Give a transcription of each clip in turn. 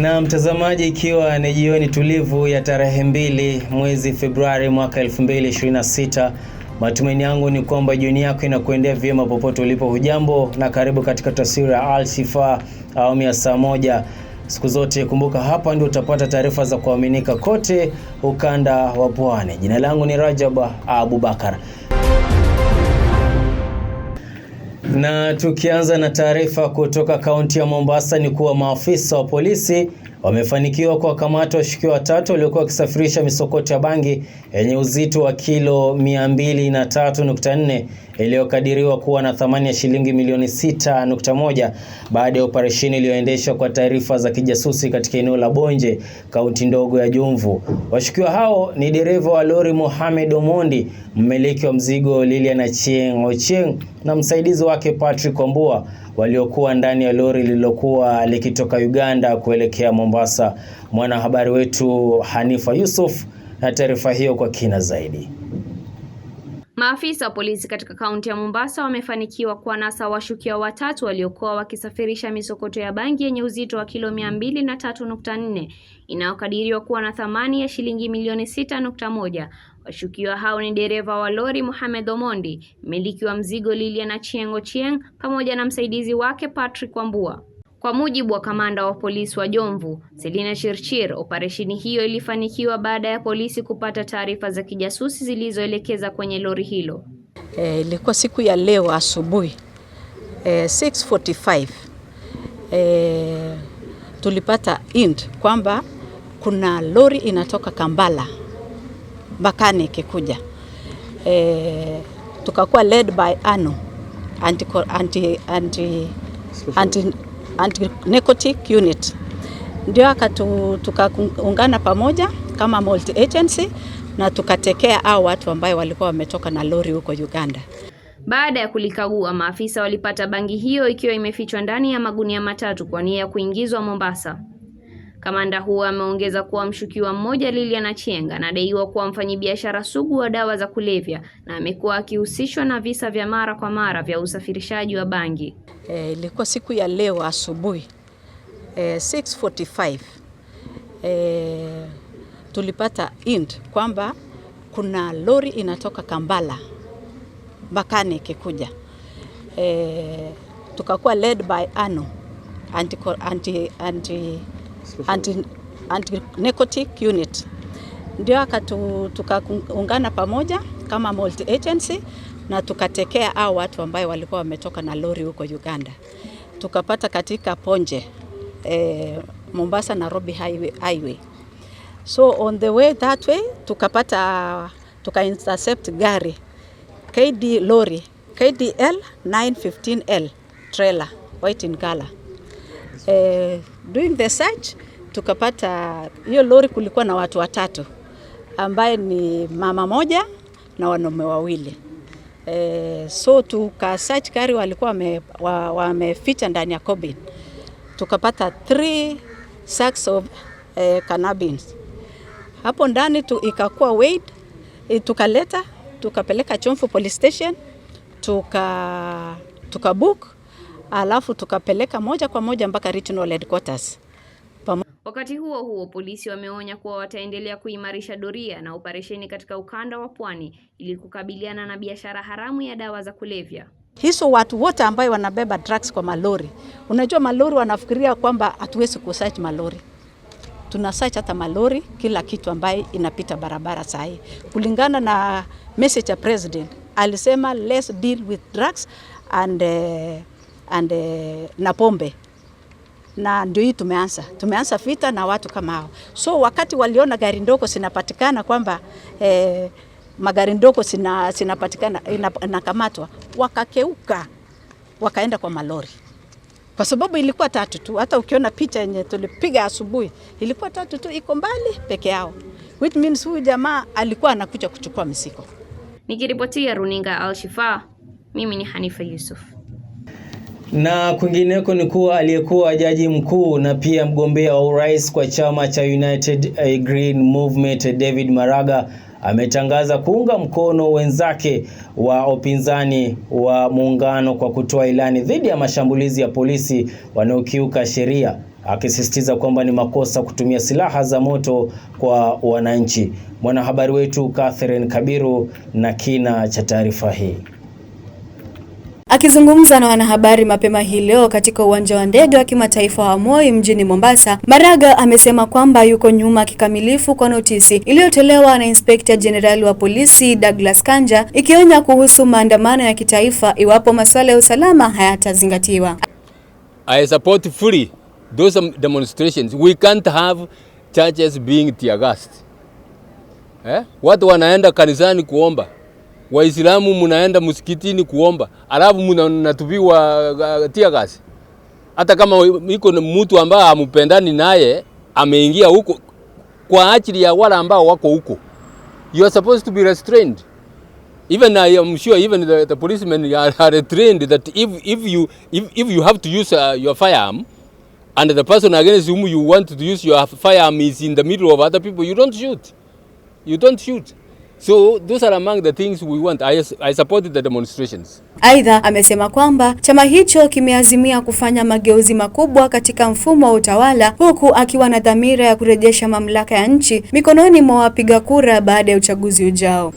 Na mtazamaji, ikiwa ni jioni tulivu ya tarehe mbili mwezi Februari mwaka 2026, matumaini yangu ni kwamba jioni yako inakuendea vyema popote ulipo. Hujambo na karibu katika taswira ya Al Shifaa awamu ya saa moja. Siku zote kumbuka, hapa ndio utapata taarifa za kuaminika kote ukanda wa Pwani. Jina langu ni Rajab Abubakar. Na tukianza na taarifa kutoka kaunti ya Mombasa ni kuwa maafisa wa polisi wamefanikiwa kuwakamata washukiwa watatu waliokuwa wakisafirisha misokoto ya bangi yenye uzito wa kilo 203.4 iliyokadiriwa kuwa na thamani ya shilingi milioni 6.1 baada ya operesheni iliyoendeshwa kwa taarifa za kijasusi katika eneo la Bonje, kaunti ndogo ya Jomvu. Washukiwa hao ni dereva wa lori Mohamed Omondi, mmiliki wa mzigo Lilian Achieng Ocheng na msaidizi wake Patrick Wambua waliokuwa ndani ya lori lililokuwa likitoka Uganda kuelekea Mombasa. Mwanahabari wetu Hanifa Yusuf na taarifa hiyo kwa kina zaidi. Maafisa wa polisi katika kaunti ya Mombasa wamefanikiwa kuwanasa washukiwa watatu waliokuwa wakisafirisha misokoto ya bangi yenye uzito wa kilo mia mbili na tatu nukta nne inayokadiriwa kuwa na thamani ya shilingi milioni sita nukta moja Washukiwa hao ni dereva wa lori Mohamed Omondi, mmiliki wa mzigo Lilian Achieng' Ochieng' pamoja na msaidizi wake Patrick Wambua. Kwa mujibu wa kamanda wa polisi wa Jomvu, Selina shirchir operesheni hiyo ilifanikiwa baada ya polisi kupata taarifa za kijasusi zilizoelekeza kwenye lori hilo. E, ilikuwa siku ya leo asubuhi e, 6:45 e, tulipata int kwamba kuna lori inatoka Kambala Bakani ikikuja e, tukakuwa led by ano anti, anti, anti, anti, anti narcotic unit ndio akatu tukaungana pamoja kama multi agency na tukatekea hao watu ambayo walikuwa wametoka na lori huko Uganda. Baada ya kulikagua, maafisa walipata bangi hiyo ikiwa imefichwa ndani ya magunia matatu kwa nia ya kuingizwa Mombasa. Kamanda huo ameongeza kuwa mshukiwa mmoja Lilian Achieng' anadaiwa kuwa mfanyabiashara sugu wa dawa za kulevya na amekuwa akihusishwa na visa vya mara kwa mara vya usafirishaji wa bangi. Eh, ilikuwa e, siku ya leo asubuhi e, 6:45 e, tulipata int kwamba kuna lori inatoka Kambala Mbakane ikikuja e, tukakuwa led by ano anti, anti, anti anti, anti narcotic unit, ndio akatukaungana pamoja kama multi agency na tukatekea au watu ambao walikuwa wametoka na lori huko Uganda, tukapata katika Ponje eh, Mombasa Nairobi highway, highway. So on the way that way tukapata tuka intercept gari KD lori KDL 915L trailer white in color eh, doing the search tukapata hiyo lori, kulikuwa na watu watatu ambaye ni mama moja na wanaume wawili. E, so tuka search gari walikuwa wameficha wa ndani ya cabin, tukapata three sacks of eh, cannabis hapo ndani tu, ikakuwa weighed e, eh, tukaleta tukapeleka Chomfu police station tuka, tuka book alafu tukapeleka moja kwa moja mpaka regional headquarters. Wakati huo huo, polisi wameonya kuwa wataendelea kuimarisha doria na operesheni katika ukanda wa pwani ili kukabiliana na biashara haramu ya dawa za kulevya. Hizo watu wote ambayo wanabeba drugs kwa malori, unajua malori wanafikiria kwamba hatuwezi kusearch malori. Tuna search hata malori, kila kitu ambaye inapita barabara saa hii, kulingana na message ya president alisema, let's deal with drugs and uh, and, uh, na pombe na ndio hii tumeanza tumeanza vita na watu kama hao. So wakati waliona gari ndogo zinapatikana kwamba eh, magari ndogo zinapatikana inakamatwa, wakakeuka wakaenda kwa malori, kwa sababu ilikuwa tatu tu. Hata ukiona picha yenye tulipiga asubuhi ilikuwa tatu tu, iko mbali peke yao, which means huyu jamaa alikuwa anakuja kuchukua misiko. Nikiripotia runinga Alshifa, mimi ni Hanifa Yusuf. Na kwingineko ni kuwa aliyekuwa jaji mkuu na pia mgombea wa urais kwa chama cha United eh, Green Movement David Maraga ametangaza kuunga mkono wenzake wa upinzani wa muungano kwa kutoa ilani dhidi ya mashambulizi ya polisi wanaokiuka sheria, akisisitiza kwamba ni makosa kutumia silaha za moto kwa wananchi. Mwanahabari wetu Catherine Kabiru na kina cha taarifa hii. Akizungumza na wanahabari mapema hii leo katika uwanja wa ndege wa kimataifa wa Moi mjini Mombasa, Maraga amesema kwamba yuko nyuma kikamilifu kwa notisi iliyotolewa na Inspekta Jenerali wa Polisi Douglas Kanja ikionya kuhusu maandamano ya kitaifa iwapo masuala ya usalama hayatazingatiwa. I support fully those demonstrations. We can't have churches being tear gassed. Eh? Watu wanaenda kanisani kuomba Waislamu munaenda msikitini kuomba, alafu mnatupiwa uh, tia gasi. Hata kama iko mtu ambaye amupendani naye ameingia huko kwa ajili ya wale ambao wako huko, you are supposed to be restrained. Even I am sure even the, the policemen are, are trained that if, if, you, if, if you have to use uh, your firearm and the person against whom you want to use your firearm is in the middle of other people, you don't shoot. You don't shoot. So those are among the things we want. I, I supported the demonstrations. Aidha, amesema kwamba chama hicho kimeazimia kufanya mageuzi makubwa katika mfumo wa utawala huku akiwa na dhamira ya kurejesha mamlaka ya nchi mikononi mwa wapiga kura baada ya uchaguzi ujao.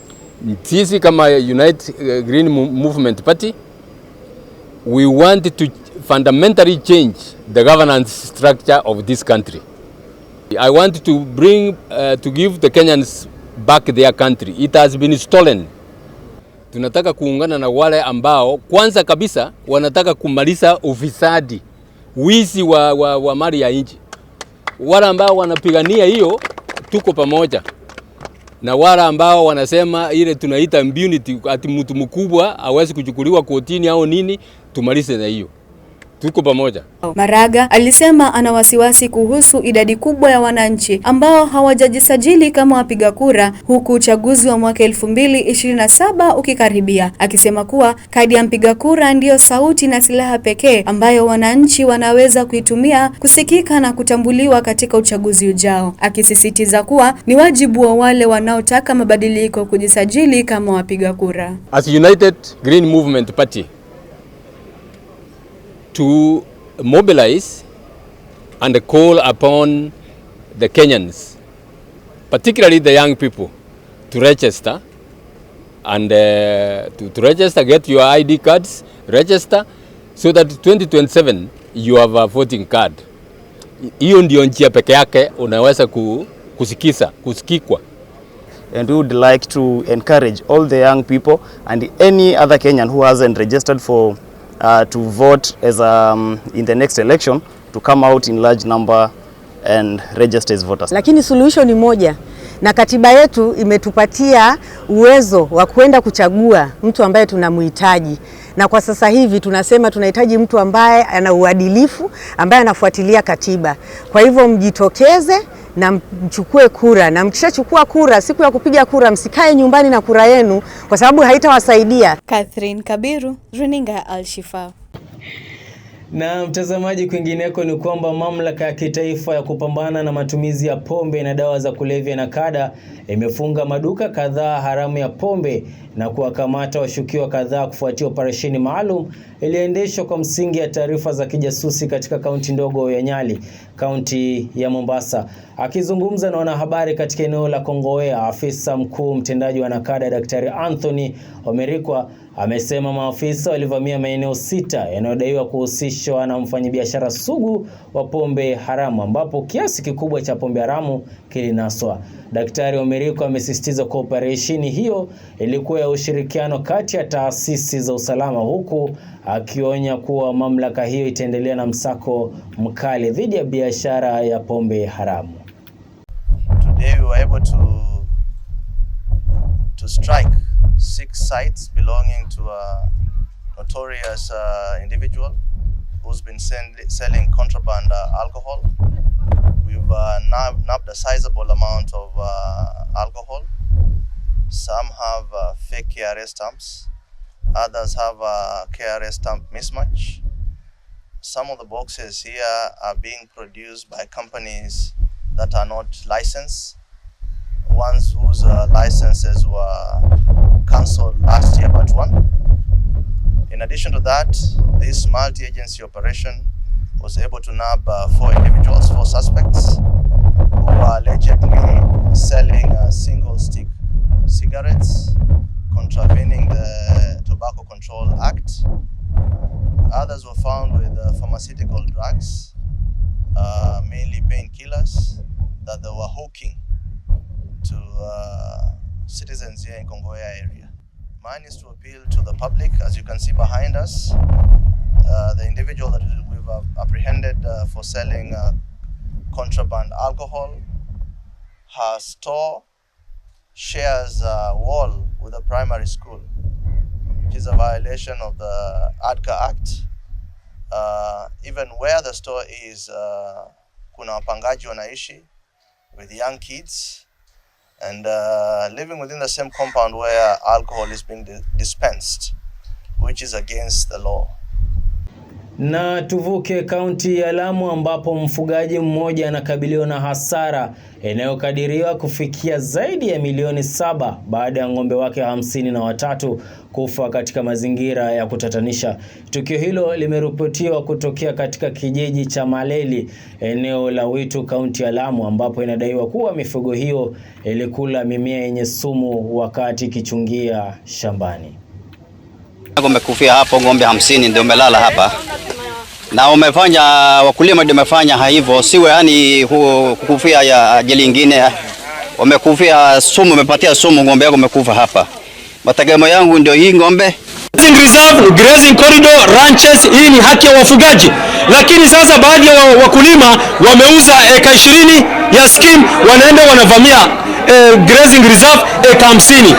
Sisi kama Unite uh, Green Movement Party we want to fundamentally change the governance structure of this country. I want to bring uh, to give the Kenyans back their country. It has been stolen. Tunataka kuungana na wale ambao kwanza kabisa wanataka kumaliza ufisadi, wizi wa, wa, wa mali ya nchi. Wale ambao wanapigania hiyo, tuko pamoja na wale ambao wanasema ile tunaita impunity, ati mtu mkubwa hawezi kuchukuliwa kotini au nini, tumalize na hiyo tuko pamoja. Maraga alisema ana wasiwasi kuhusu idadi kubwa ya wananchi ambao hawajajisajili kama wapiga kura, huku uchaguzi wa mwaka 2027 ukikaribia, akisema kuwa kadi ya mpiga kura ndiyo sauti na silaha pekee ambayo wananchi wanaweza kuitumia kusikika na kutambuliwa katika uchaguzi ujao, akisisitiza kuwa ni wajibu wa wale wanaotaka mabadiliko kujisajili kama wapiga kura. As United Green Movement Party to mobilize and call upon the Kenyans, particularly the young people, to register and uh, to, to register, get your ID cards, register so that 2027 you have a voting card. Hiyo ndio njia peke yake unaweza kusikisa, kusikikwa. And we would like to encourage all the young people and any other Kenyan who hasn't registered for uh, to vote as um, in the next election to come out in large number and register as voters. Lakini suluhisho ni moja na katiba yetu imetupatia uwezo wa kwenda kuchagua mtu ambaye tunamhitaji, na kwa sasa hivi tunasema tunahitaji mtu ambaye ana uadilifu, ambaye anafuatilia katiba. Kwa hivyo mjitokeze na mchukue kura, na mkishachukua kura, siku ya kupiga kura msikae nyumbani na kura yenu, kwa sababu haitawasaidia. Catherine Kabiru, Runinga Alshifa. Na mtazamaji, kwingineko ni kwamba mamlaka ya kitaifa ya kupambana na matumizi ya pombe na dawa za kulevya NACADA imefunga maduka kadhaa haramu ya pombe na kuwakamata washukiwa kadhaa kufuatia operesheni maalum iliyoendeshwa kwa msingi ya taarifa za kijasusi katika kaunti ndogo ya Nyali, kaunti ya Mombasa. Akizungumza na wanahabari katika eneo la Kongowea, afisa mkuu mtendaji wa NACADA Daktari Anthony Omerikwa amesema maafisa walivamia maeneo sita yanayodaiwa kuhusishwa na mfanyabiashara sugu wa pombe haramu ambapo kiasi kikubwa cha pombe haramu kilinaswa. Daktari Omeriko amesisitiza kuwa operesheni hiyo ilikuwa ya ushirikiano kati ya taasisi za usalama, huku akionya kuwa mamlaka hiyo itaendelea na msako mkali dhidi ya biashara ya pombe haramu. Today we were able to, to strike six sites belonging to a notorious uh, individual who's been send, selling contraband uh, alcohol. We've uh, nab nabbed a sizable amount of uh, alcohol. Some have uh, fake KRS stamps. Others have a KRS stamp mismatch. Some of the boxes here are being produced by companies that are not licensed, ones whose uh, licenses were Council last year but one. In addition to that, this multi-agency operation was able to nab uh, four individuals, four suspects, who were allegedly selling uh, single stick cigarettes, contravening the Tobacco Control Act. Others were found with uh, pharmaceutical drugs, uh, mainly painkillers, that they were hawking to uh, citizens here in Kongoya area. Mine is to appeal to the public. As you can see behind us, uh, the individual that we've uh, apprehended uh, for selling uh, contraband alcohol, her store shares a uh, wall with a primary school, which is a violation of the ADCA Act. Uh, even where the store is, uh, kuna wapangaji wanaishi with young kids and uh, living within the same compound where alcohol is being dispensed which is against the law. Na tuvuke kaunti ya Lamu ambapo mfugaji mmoja anakabiliwa na hasara inayokadiriwa kufikia zaidi ya milioni saba baada ya ng'ombe wake hamsini na watatu kufa katika mazingira ya kutatanisha. Tukio hilo limeripotiwa kutokea katika kijiji cha Maleli, eneo la Witu, kaunti ya Lamu, ambapo inadaiwa kuwa mifugo hiyo ilikula mimea yenye sumu wakati ikichungia shambani. Umekufia hapo ng'ombe hamsini ndio umelala hapa na umefanya wakulima ndio umefanya hivyo, siwe yani kukufia ya ajali ingine, umekufia sumu, umepatia sumu ng'ombe yako umekufa hapa matagamo yangu ndio hii ng'ombe. Reserve, grazing corridor, ranches, hii ni haki ya wafugaji, lakini sasa baadhi ya wakulima wameuza eka 20 ya scheme, wanaenda wanavamia e, grazing reserve eka 50.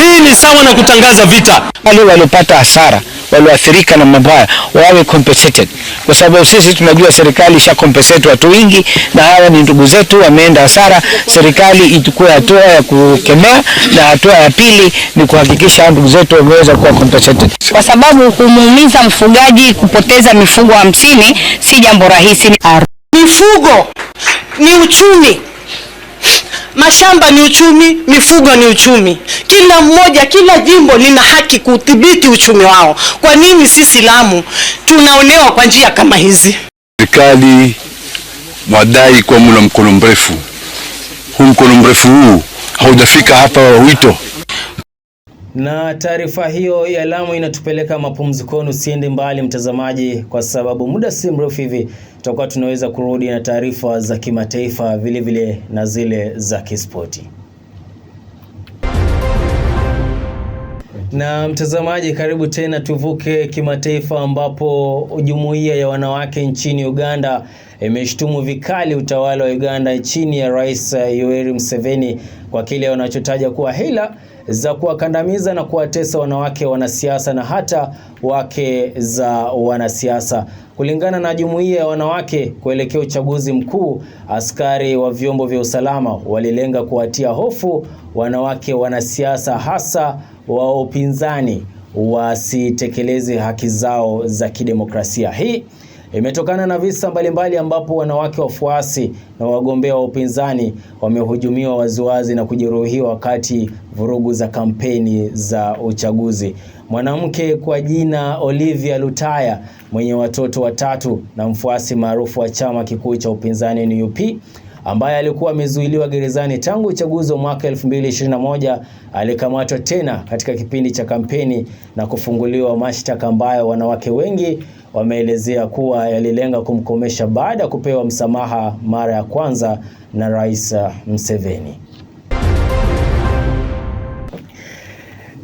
Hii ni sawa na kutangaza vita. Wale walopata hasara walioathirika na mambo haya wawe compensated, kwa sababu sisi tunajua serikali isha compensate watu wengi, na hawa ni ndugu zetu, wameenda hasara. Serikali ichukue hatua ya kukemea, na hatua ya pili ni kuhakikisha ndugu zetu wameweza kuwa compensated, kwa sababu kumuumiza mfugaji kupoteza mifugo hamsini si jambo rahisi. Mifugo ni uchumi. Mashamba ni uchumi, mifugo ni uchumi. Kila mmoja, kila jimbo lina haki kudhibiti uchumi wao. Kwa nini sisi Lamu tunaonewa kwa njia kama hizi? Serikali mwadai kwa mula mkono mrefu, huu mkono mrefu huu haujafika hapa wito. Na taarifa hiyo ya Lamu inatupeleka mapumzikoni. Usiende mbali mtazamaji, kwa sababu muda si mrefu hivi tutakuwa tunaweza kurudi na taarifa za kimataifa vile vile na zile za kispoti. Na mtazamaji, karibu tena tuvuke kimataifa, ambapo jumuiya ya wanawake nchini Uganda imeshtumu vikali utawala wa Uganda chini ya Rais Yoweri Museveni kwa kile wanachotaja kuwa hila za kuwakandamiza na kuwatesa wanawake wanasiasa na hata wake za wanasiasa. Kulingana na jumuiya ya wanawake kuelekea uchaguzi mkuu, askari wa vyombo vya usalama walilenga kuwatia hofu wanawake wanasiasa, hasa wa upinzani, wasitekeleze haki zao za kidemokrasia. Hii imetokana na visa mbalimbali ambapo wanawake wafuasi na wagombea wa upinzani wamehujumiwa waziwazi na kujeruhiwa wakati vurugu za kampeni za uchaguzi. Mwanamke kwa jina Olivia Lutaya mwenye watoto watatu na mfuasi maarufu wa chama kikuu cha upinzani NUP ambaye alikuwa amezuiliwa gerezani tangu uchaguzi wa mwaka 2021 alikamatwa tena katika kipindi cha kampeni na kufunguliwa mashtaka ambayo wanawake wengi wameelezea kuwa yalilenga kumkomesha baada ya kupewa msamaha mara ya kwanza na Rais uh, Museveni.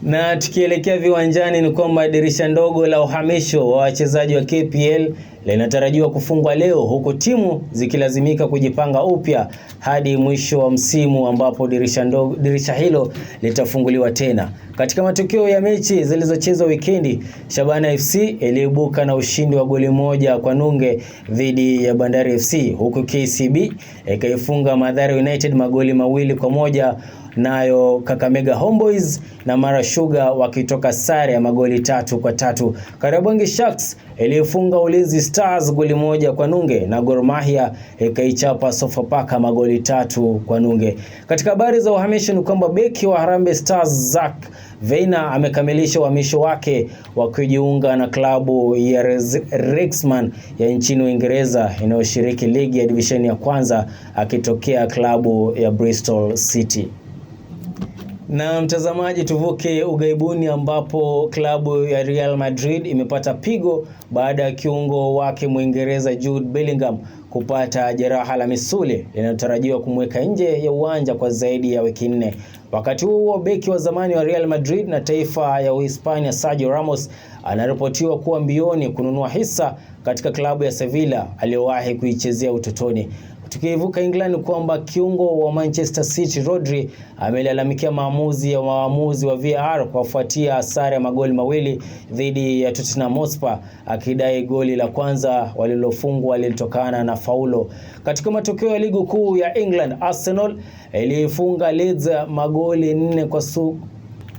Na tukielekea viwanjani ni kwamba dirisha ndogo la uhamisho wa wachezaji wa KPL linatarajiwa kufungwa leo huku timu zikilazimika kujipanga upya hadi mwisho wa msimu ambapo dirisha ndogo, dirisha hilo litafunguliwa tena. Katika matokeo ya mechi zilizochezwa wikendi, Shabana FC iliibuka na ushindi wa goli moja kwa nunge dhidi ya Bandari FC huku KCB ikaifunga Mathare United magoli mawili kwa moja nayo Kakamega Homeboys na Mara Sugar wakitoka sare ya magoli tatu kwa tatu. Kariobangi Sharks iliyofunga Ulinzi Stars goli moja kwa nunge na Gor Mahia ikaichapa Sofapaka magoli tatu kwa nunge. Katika habari za uhamisho ni kwamba beki wa Harambee Stars Zack Veina amekamilisha uhamisho wake wa kujiunga na klabu ya Rexman ya nchini Uingereza inayoshiriki ligi ya divisheni ya kwanza akitokea klabu ya Bristol City. Na mtazamaji, tuvuke ugaibuni ambapo klabu ya Real Madrid imepata pigo baada ya kiungo wake Mwingereza Jude Bellingham kupata jeraha la misuli linalotarajiwa kumweka nje ya uwanja kwa zaidi ya wiki nne. Wakati huo huo, beki wa zamani wa Real Madrid na taifa ya Uhispania Sergio Ramos anaripotiwa kuwa mbioni kununua hisa katika klabu ya Sevilla aliyowahi kuichezea utotoni. Tukiivuka England kwamba kiungo wa Manchester City Rodri amelalamikia maamuzi ya waamuzi wa VAR kufuatia sare ya magoli mawili dhidi ya Tottenham Hotspur akidai goli la kwanza walilofungwa lilitokana na faulo. Katika matokeo ya ligi kuu ya England, Arsenal iliifunga Leeds magoli nne kwa, su,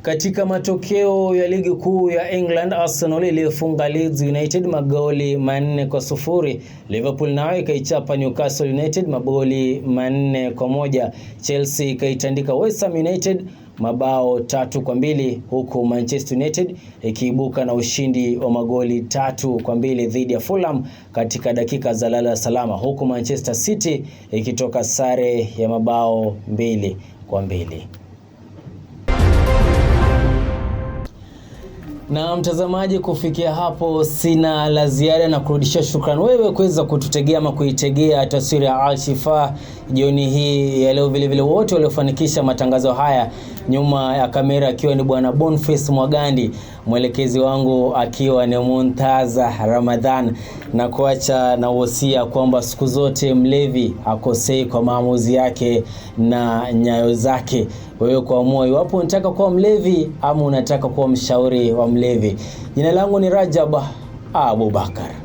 katika matokeo ya ligi kuu ya England, Arsenal iliyofunga Leeds United magoli manne kwa sufuri. Liverpool nayo ikaichapa Newcastle United magoli manne kwa moja. Chelsea ikaitandika West Ham United mabao tatu kwa mbili huku Manchester United ikiibuka na ushindi wa magoli tatu kwa mbili dhidi ya Fulham katika dakika za lala salama, huku Manchester City ikitoka sare ya mabao mbili kwa mbili. Na mtazamaji, kufikia hapo sina la ziada na kurudishia shukrani wewe kuweza kututegea ama kuitegea taswira ya Alshifa jioni hii ya leo, vilevile wote waliofanikisha matangazo haya nyuma ya kamera akiwa ni bwana Boniface Mwagandi, mwelekezi wangu akiwa ni Muntaza Ramadhan, na kuacha na wosia kwamba siku zote mlevi akosei kwa maamuzi yake na nyayo zake. Wewe kuamua iwapo unataka kuwa mlevi ama unataka kuwa mshauri wa mlevi. Jina langu ni Rajab Abubakar.